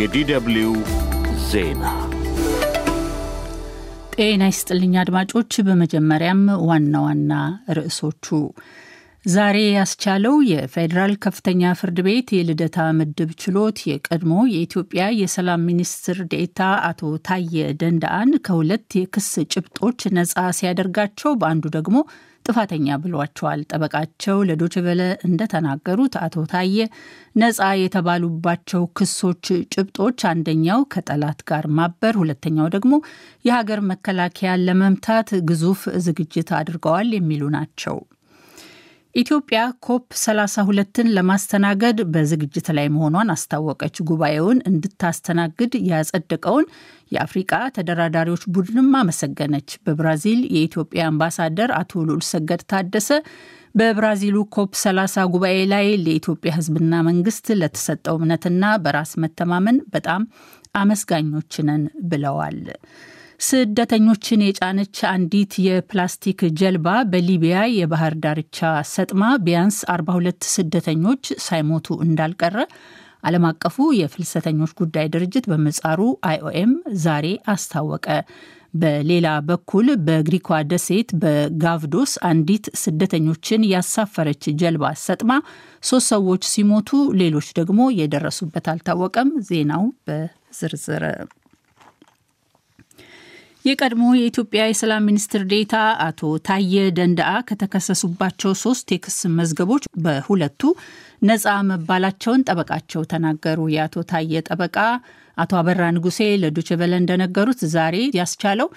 የዲደብልዩ ዜና ጤና ይስጥልኝ አድማጮች። በመጀመሪያም ዋና ዋና ርዕሶቹ ዛሬ ያስቻለው የፌዴራል ከፍተኛ ፍርድ ቤት የልደታ ምድብ ችሎት የቀድሞ የኢትዮጵያ የሰላም ሚኒስትር ዴኤታ አቶ ታየ ደንዳአን ከሁለት የክስ ጭብጦች ነጻ ሲያደርጋቸው በአንዱ ደግሞ ጥፋተኛ ብሏቸዋል። ጠበቃቸው ለዶችቨለ እንደተናገሩት አቶ ታየ ነጻ የተባሉባቸው ክሶች ጭብጦች አንደኛው ከጠላት ጋር ማበር፣ ሁለተኛው ደግሞ የሀገር መከላከያ ለመምታት ግዙፍ ዝግጅት አድርገዋል የሚሉ ናቸው። ኢትዮጵያ ኮፕ 32ን ለማስተናገድ በዝግጅት ላይ መሆኗን አስታወቀች። ጉባኤውን እንድታስተናግድ ያጸደቀውን የአፍሪቃ ተደራዳሪዎች ቡድንም አመሰገነች። በብራዚል የኢትዮጵያ አምባሳደር አቶ ሰገድ ታደሰ በብራዚሉ ኮፕ 30 ጉባኤ ላይ ለኢትዮጵያ ሕዝብና መንግስት ለተሰጠው እምነትና በራስ መተማመን በጣም አመስጋኞች ነን ብለዋል። ስደተኞችን የጫነች አንዲት የፕላስቲክ ጀልባ በሊቢያ የባህር ዳርቻ ሰጥማ ቢያንስ 42 ስደተኞች ሳይሞቱ እንዳልቀረ ዓለም አቀፉ የፍልሰተኞች ጉዳይ ድርጅት በመጻሩ አይኦኤም ዛሬ አስታወቀ። በሌላ በኩል በግሪኳ ደሴት በጋቭዶስ አንዲት ስደተኞችን ያሳፈረች ጀልባ ሰጥማ ሶስት ሰዎች ሲሞቱ ሌሎች ደግሞ የደረሱበት አልታወቀም። ዜናው በዝርዝር የቀድሞ የኢትዮጵያ የሰላም ሚኒስትር ዴታ አቶ ታየ ደንዳአ ከተከሰሱባቸው ሶስት የክስ መዝገቦች በሁለቱ ነፃ መባላቸውን ጠበቃቸው ተናገሩ። የአቶ ታየ ጠበቃ አቶ አበራ ንጉሴ ለዶችቨለ እንደነገሩት ዛሬ ያስቻለው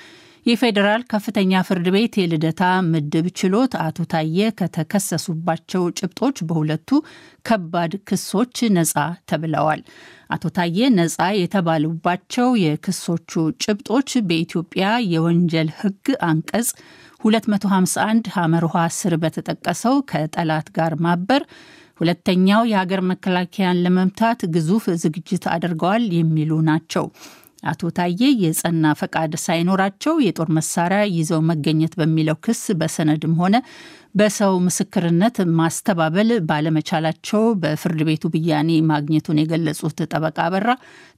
የፌዴራል ከፍተኛ ፍርድ ቤት የልደታ ምድብ ችሎት አቶ ታዬ ከተከሰሱባቸው ጭብጦች በሁለቱ ከባድ ክሶች ነጻ ተብለዋል። አቶ ታዬ ነጻ የተባሉባቸው የክሶቹ ጭብጦች በኢትዮጵያ የወንጀል ሕግ አንቀጽ 251 ሐመርኋ ስር በተጠቀሰው ከጠላት ጋር ማበር ሁለተኛው የሀገር መከላከያን ለመምታት ግዙፍ ዝግጅት አድርገዋል የሚሉ ናቸው። አቶ ታዬ የጸና ፈቃድ ሳይኖራቸው የጦር መሳሪያ ይዘው መገኘት በሚለው ክስ በሰነድም ሆነ በሰው ምስክርነት ማስተባበል ባለመቻላቸው በፍርድ ቤቱ ብያኔ ማግኘቱን የገለጹት ጠበቃ አበራ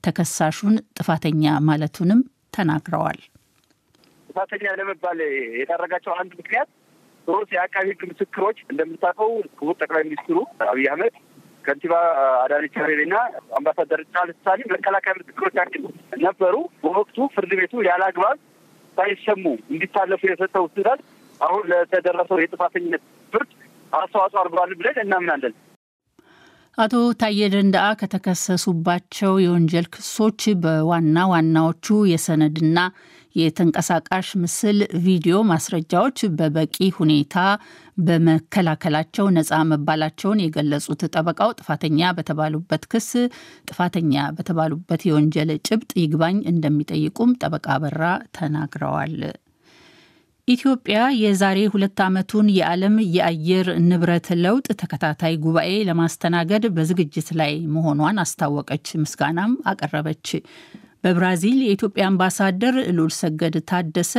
ተከሳሹን ጥፋተኛ ማለቱንም ተናግረዋል። ጥፋተኛ ለመባል የታረጋቸው አንድ ምክንያት ሮስ የአቃቢ ምስክሮች እንደምታውቀው ክቡር ጠቅላይ ሚኒስትሩ አብይ አህመድ ከንቲባ አዳነች አቤቤና አምባሳደር ቻርልስ ሳኒ መከላከያ ምስክሮቻችን ነበሩ። በወቅቱ ፍርድ ቤቱ ያለ አግባብ ሳይሰሙ እንዲታለፉ የሰጠው ትዕዛዝ አሁን ለተደረሰው የጥፋተኝነት ፍርድ አስተዋጽኦ አድርጓል ብለን እናምናለን። አቶ ታዬ ደንዳአ ከተከሰሱባቸው የወንጀል ክሶች በዋና ዋናዎቹ የሰነድና የተንቀሳቃሽ ምስል፣ ቪዲዮ ማስረጃዎች በበቂ ሁኔታ በመከላከላቸው ነፃ መባላቸውን የገለጹት ጠበቃው ጥፋተኛ በተባሉበት ክስ ጥፋተኛ በተባሉበት የወንጀል ጭብጥ ይግባኝ እንደሚጠይቁም ጠበቃ በራ ተናግረዋል። ኢትዮጵያ የዛሬ ሁለት ዓመቱን የዓለም የአየር ንብረት ለውጥ ተከታታይ ጉባኤ ለማስተናገድ በዝግጅት ላይ መሆኗን አስታወቀች። ምስጋናም አቀረበች። በብራዚል የኢትዮጵያ አምባሳደር ሉል ሰገድ ታደሰ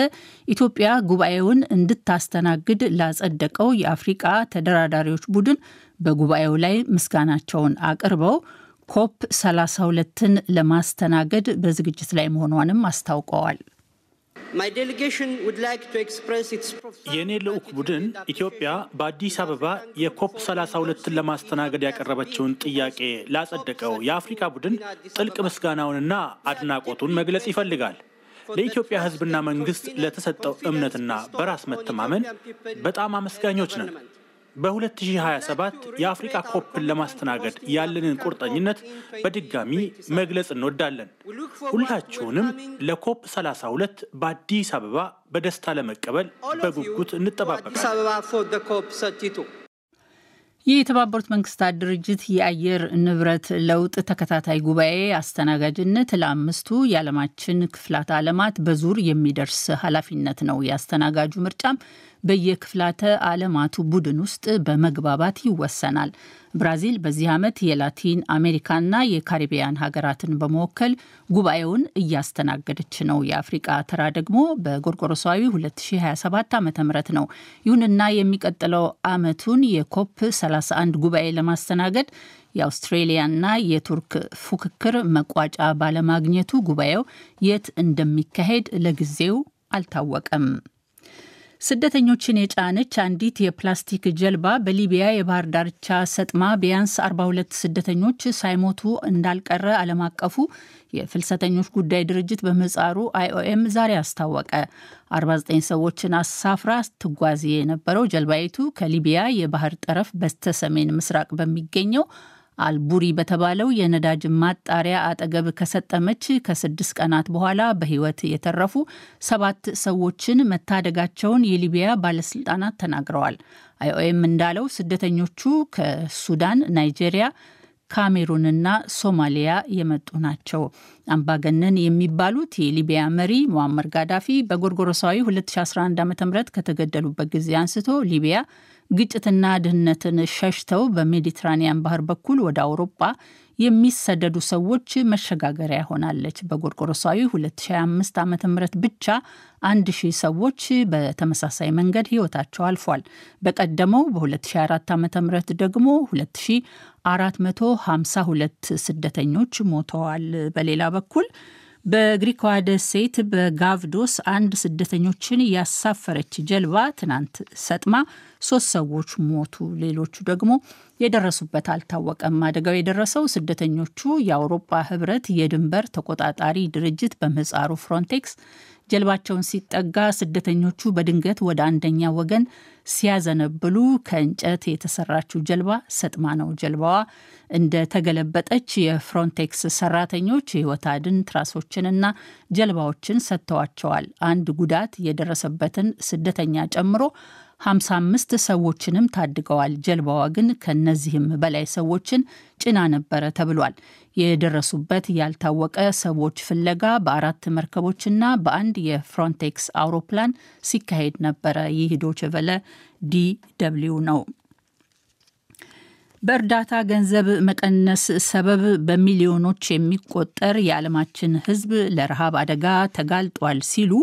ኢትዮጵያ ጉባኤውን እንድታስተናግድ ላጸደቀው የአፍሪቃ ተደራዳሪዎች ቡድን በጉባኤው ላይ ምስጋናቸውን አቅርበው ኮፕ 32ን ለማስተናገድ በዝግጅት ላይ መሆኗንም አስታውቀዋል። የእኔ ልዑክ ቡድን ኢትዮጵያ በአዲስ አበባ የኮፕ 32ን ለማስተናገድ ያቀረበችውን ጥያቄ ላጸደቀው የአፍሪካ ቡድን ጥልቅ ምስጋናውንና አድናቆቱን መግለጽ ይፈልጋል። ለኢትዮጵያ ሕዝብና መንግስት ለተሰጠው እምነትና በራስ መተማመን በጣም አመስጋኞች ነን። በ2027 የአፍሪካ ኮፕን ለማስተናገድ ያለንን ቁርጠኝነት በድጋሚ መግለጽ እንወዳለን። ሁላችሁንም ለኮፕ 32 በአዲስ አበባ በደስታ ለመቀበል በጉጉት እንጠባበቃለን። ይህ የተባበሩት መንግስታት ድርጅት የአየር ንብረት ለውጥ ተከታታይ ጉባኤ አስተናጋጅነት ለአምስቱ የዓለማችን ክፍላት ዓለማት በዙር የሚደርስ ኃላፊነት ነው። የአስተናጋጁ ምርጫም በየክፍላተ ዓለማቱ ቡድን ውስጥ በመግባባት ይወሰናል። ብራዚል በዚህ ዓመት የላቲን አሜሪካና የካሪቢያን ሀገራትን በመወከል ጉባኤውን እያስተናገደች ነው። የአፍሪቃ ተራ ደግሞ በጎርጎሮሳዊ 2027 ዓ ም ነው። ይሁንና የሚቀጥለው ዓመቱን የኮፕ 31 ጉባኤ ለማስተናገድ የአውስትሬሊያና የቱርክ ፉክክር መቋጫ ባለማግኘቱ ጉባኤው የት እንደሚካሄድ ለጊዜው አልታወቀም። ስደተኞችን የጫነች አንዲት የፕላስቲክ ጀልባ በሊቢያ የባህር ዳርቻ ሰጥማ ቢያንስ 42 ስደተኞች ሳይሞቱ እንዳልቀረ ዓለም አቀፉ የፍልሰተኞች ጉዳይ ድርጅት በምህጻሩ አይኦኤም ዛሬ አስታወቀ። 49 ሰዎችን አሳፍራ ስትጓዝ የነበረው ጀልባይቱ ከሊቢያ የባህር ጠረፍ በስተሰሜን ምስራቅ በሚገኘው አልቡሪ በተባለው የነዳጅ ማጣሪያ አጠገብ ከሰጠመች ከስድስት ቀናት በኋላ በህይወት የተረፉ ሰባት ሰዎችን መታደጋቸውን የሊቢያ ባለስልጣናት ተናግረዋል። አይኦኤም እንዳለው ስደተኞቹ ከሱዳን፣ ናይጄሪያ ካሜሩንና ሶማሊያ የመጡ ናቸው። አምባገነን የሚባሉት የሊቢያ መሪ ሙአመር ጋዳፊ በጎርጎሮሳዊ 2011 ዓ ም ከተገደሉበት ጊዜ አንስቶ ሊቢያ ግጭትና ድህነትን ሸሽተው በሜዲትራኒያን ባህር በኩል ወደ አውሮፓ የሚሰደዱ ሰዎች መሸጋገሪያ ሆናለች። በጎርጎሮሳዊ 2025 ዓ ም ብቻ አንድ ሺህ ሰዎች በተመሳሳይ መንገድ ህይወታቸው አልፏል። በቀደመው በ2004 ዓ ም ደግሞ 2452 ስደተኞች ሞተዋል። በሌላ በኩል በግሪኳ ደሴት በጋቭዶስ አንድ ስደተኞችን ያሳፈረች ጀልባ ትናንት ሰጥማ ሶስት ሰዎች ሞቱ። ሌሎቹ ደግሞ የደረሱበት አልታወቀም። አደጋው የደረሰው ስደተኞቹ የአውሮፓ ሕብረት የድንበር ተቆጣጣሪ ድርጅት በምህጻሩ ፍሮንቴክስ ጀልባቸውን ሲጠጋ ስደተኞቹ በድንገት ወደ አንደኛ ወገን ሲያዘነብሉ ከእንጨት የተሰራችው ጀልባ ሰጥማ ነው። ጀልባዋ እንደተገለበጠች የፍሮንቴክስ ሰራተኞች የህይወት አድን ትራሶችንና ጀልባዎችን ሰጥተዋቸዋል። አንድ ጉዳት የደረሰበትን ስደተኛ ጨምሮ 55 ሰዎችንም ታድገዋል። ጀልባዋ ግን ከነዚህም በላይ ሰዎችን ጭና ነበረ ተብሏል። የደረሱበት ያልታወቀ ሰዎች ፍለጋ በአራት መርከቦችና በአንድ የፍሮንቴክስ አውሮፕላን ሲካሄድ ነበረ። ይህ ዶይቼ ቬለ ዲ ደብልዩ ነው። በእርዳታ ገንዘብ መቀነስ ሰበብ በሚሊዮኖች የሚቆጠር የዓለማችን ሕዝብ ለረሃብ አደጋ ተጋልጧል ሲሉ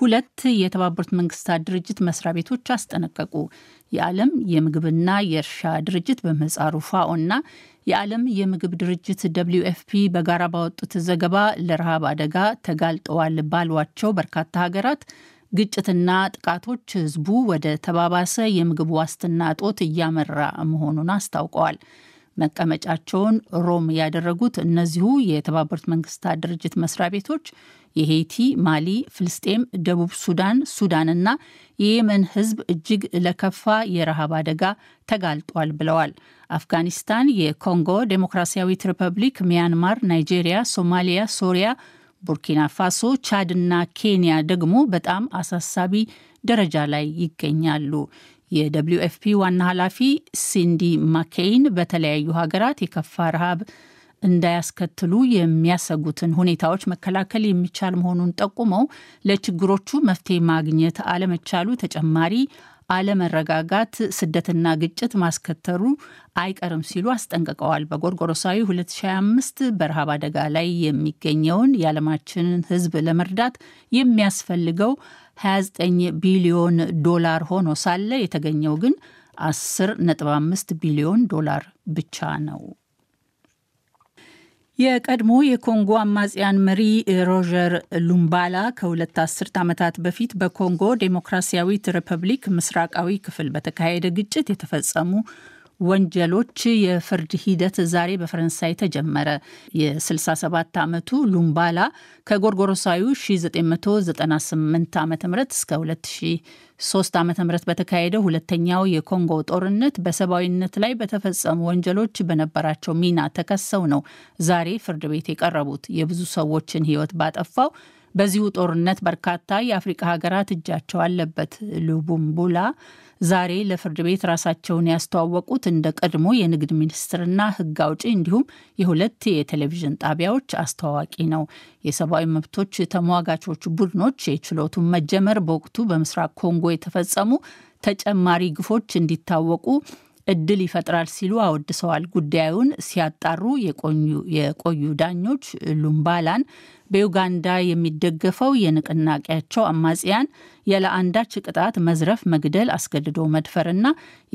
ሁለት የተባበሩት መንግስታት ድርጅት መስሪያ ቤቶች አስጠነቀቁ። የዓለም የምግብና የእርሻ ድርጅት በምህጻሩ ፋኦ እና የዓለም የምግብ ድርጅት ደብሊው ኤፍፒ በጋራ ባወጡት ዘገባ ለረሃብ አደጋ ተጋልጠዋል ባሏቸው በርካታ ሀገራት ግጭትና ጥቃቶች ህዝቡ ወደ ተባባሰ የምግብ ዋስትና እጦት እያመራ መሆኑን አስታውቀዋል። መቀመጫቸውን ሮም ያደረጉት እነዚሁ የተባበሩት መንግስታት ድርጅት መስሪያ ቤቶች የሄይቲ፣ ማሊ፣ ፍልስጤም፣ ደቡብ ሱዳን፣ ሱዳንና የየመን ሕዝብ እጅግ ለከፋ የረሃብ አደጋ ተጋልጧል ብለዋል። አፍጋኒስታን፣ የኮንጎ ዴሞክራሲያዊት ሪፐብሊክ፣ ሚያንማር፣ ናይጄሪያ፣ ሶማሊያ፣ ሶሪያ፣ ቡርኪና ፋሶ፣ ቻድና ኬንያ ደግሞ በጣም አሳሳቢ ደረጃ ላይ ይገኛሉ። የደብሊዩ ኤፍፒ ዋና ኃላፊ ሲንዲ ማኬይን በተለያዩ ሀገራት የከፋ ረሃብ እንዳያስከትሉ የሚያሰጉትን ሁኔታዎች መከላከል የሚቻል መሆኑን ጠቁመው ለችግሮቹ መፍትሄ ማግኘት አለመቻሉ ተጨማሪ አለመረጋጋት፣ ስደትና ግጭት ማስከተሉ አይቀርም ሲሉ አስጠንቅቀዋል። በጎርጎሮሳዊ 2025 በረሃብ አደጋ ላይ የሚገኘውን የዓለማችንን ሕዝብ ለመርዳት የሚያስፈልገው 29 ቢሊዮን ዶላር ሆኖ ሳለ የተገኘው ግን 10.5 ቢሊዮን ዶላር ብቻ ነው። የቀድሞ የኮንጎ አማጽያን መሪ ሮጀር ሉምባላ ከሁለት አስርት ዓመታት በፊት በኮንጎ ዴሞክራሲያዊት ሪፐብሊክ ምስራቃዊ ክፍል በተካሄደ ግጭት የተፈጸሙ ወንጀሎች የፍርድ ሂደት ዛሬ በፈረንሳይ ተጀመረ። የ67 ዓመቱ ሉምባላ ከጎርጎሮሳዊ 1998 ዓ ም እስከ 2003 ዓ ም በተካሄደው ሁለተኛው የኮንጎ ጦርነት በሰብአዊነት ላይ በተፈጸሙ ወንጀሎች በነበራቸው ሚና ተከሰው ነው ዛሬ ፍርድ ቤት የቀረቡት። የብዙ ሰዎችን ህይወት ባጠፋው በዚሁ ጦርነት በርካታ የአፍሪቃ ሀገራት እጃቸው አለበት። ሉቡምቡላ ዛሬ ለፍርድ ቤት ራሳቸውን ያስተዋወቁት እንደ ቀድሞ የንግድ ሚኒስትርና ሕግ አውጪ እንዲሁም የሁለት የቴሌቪዥን ጣቢያዎች አስተዋዋቂ ነው። የሰብአዊ መብቶች ተሟጋቾች ቡድኖች የችሎቱን መጀመር በወቅቱ በምስራቅ ኮንጎ የተፈጸሙ ተጨማሪ ግፎች እንዲታወቁ እድል ይፈጥራል ሲሉ አወድሰዋል። ጉዳዩን ሲያጣሩ የቆዩ ዳኞች ሉምባላን በዩጋንዳ የሚደገፈው የንቅናቄያቸው አማጽያን ያለአንዳች ቅጣት መዝረፍ፣ መግደል፣ አስገድዶ መድፈርና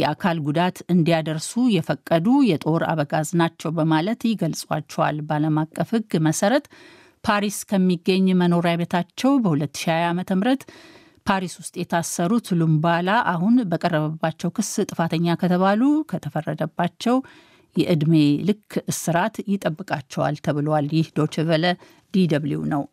የአካል ጉዳት እንዲያደርሱ የፈቀዱ የጦር አበጋዝ ናቸው በማለት ይገልጿቸዋል። በዓለም አቀፍ ሕግ መሰረት ፓሪስ ከሚገኝ መኖሪያ ቤታቸው በ2020 ዓ.ም ፓሪስ ውስጥ የታሰሩት ሉምባላ አሁን በቀረበባቸው ክስ ጥፋተኛ ከተባሉ ከተፈረደባቸው የዕድሜ ልክ እስራት ይጠብቃቸዋል ተብሏል። ይህ ዶችቨለ ዲደብሊው ነው።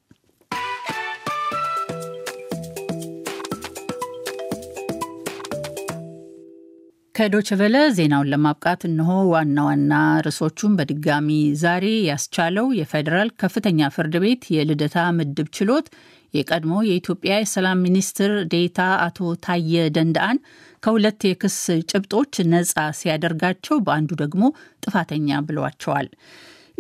ከዶችቨለ ዜናውን ለማብቃት እንሆ ዋና ዋና ርዕሶቹን በድጋሚ ዛሬ ያስቻለው የፌዴራል ከፍተኛ ፍርድ ቤት የልደታ ምድብ ችሎት የቀድሞ የኢትዮጵያ የሰላም ሚኒስትር ዴታ አቶ ታየ ደንዳአን ከሁለት የክስ ጭብጦች ነጻ ሲያደርጋቸው በአንዱ ደግሞ ጥፋተኛ ብለዋቸዋል።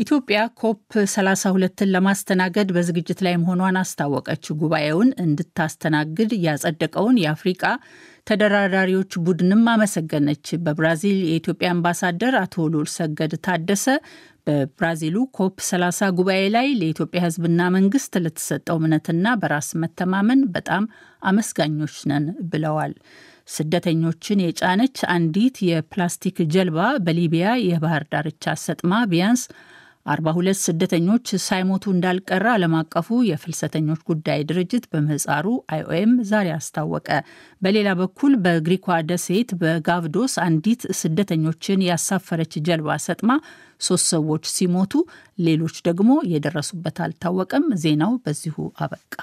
ኢትዮጵያ ኮፕ 32ን ለማስተናገድ በዝግጅት ላይ መሆኗን አስታወቀች። ጉባኤውን እንድታስተናግድ ያጸደቀውን የአፍሪቃ ተደራዳሪዎች ቡድንም አመሰገነች። በብራዚል የኢትዮጵያ አምባሳደር አቶ ሉል ሰገድ ታደሰ በብራዚሉ ኮፕ 30 ጉባኤ ላይ ለኢትዮጵያ ህዝብና መንግስት ለተሰጠው እምነትና በራስ መተማመን በጣም አመስጋኞች ነን ብለዋል። ስደተኞችን የጫነች አንዲት የፕላስቲክ ጀልባ በሊቢያ የባህር ዳርቻ ሰጥማ ቢያንስ 42 ስደተኞች ሳይሞቱ እንዳልቀረ ዓለም አቀፉ የፍልሰተኞች ጉዳይ ድርጅት በምህፃሩ አይኦኤም ዛሬ አስታወቀ። በሌላ በኩል በግሪኳ ደሴት በጋቭዶስ አንዲት ስደተኞችን ያሳፈረች ጀልባ ሰጥማ ሶስት ሰዎች ሲሞቱ ሌሎች ደግሞ የደረሱበት አልታወቀም። ዜናው በዚሁ አበቃ።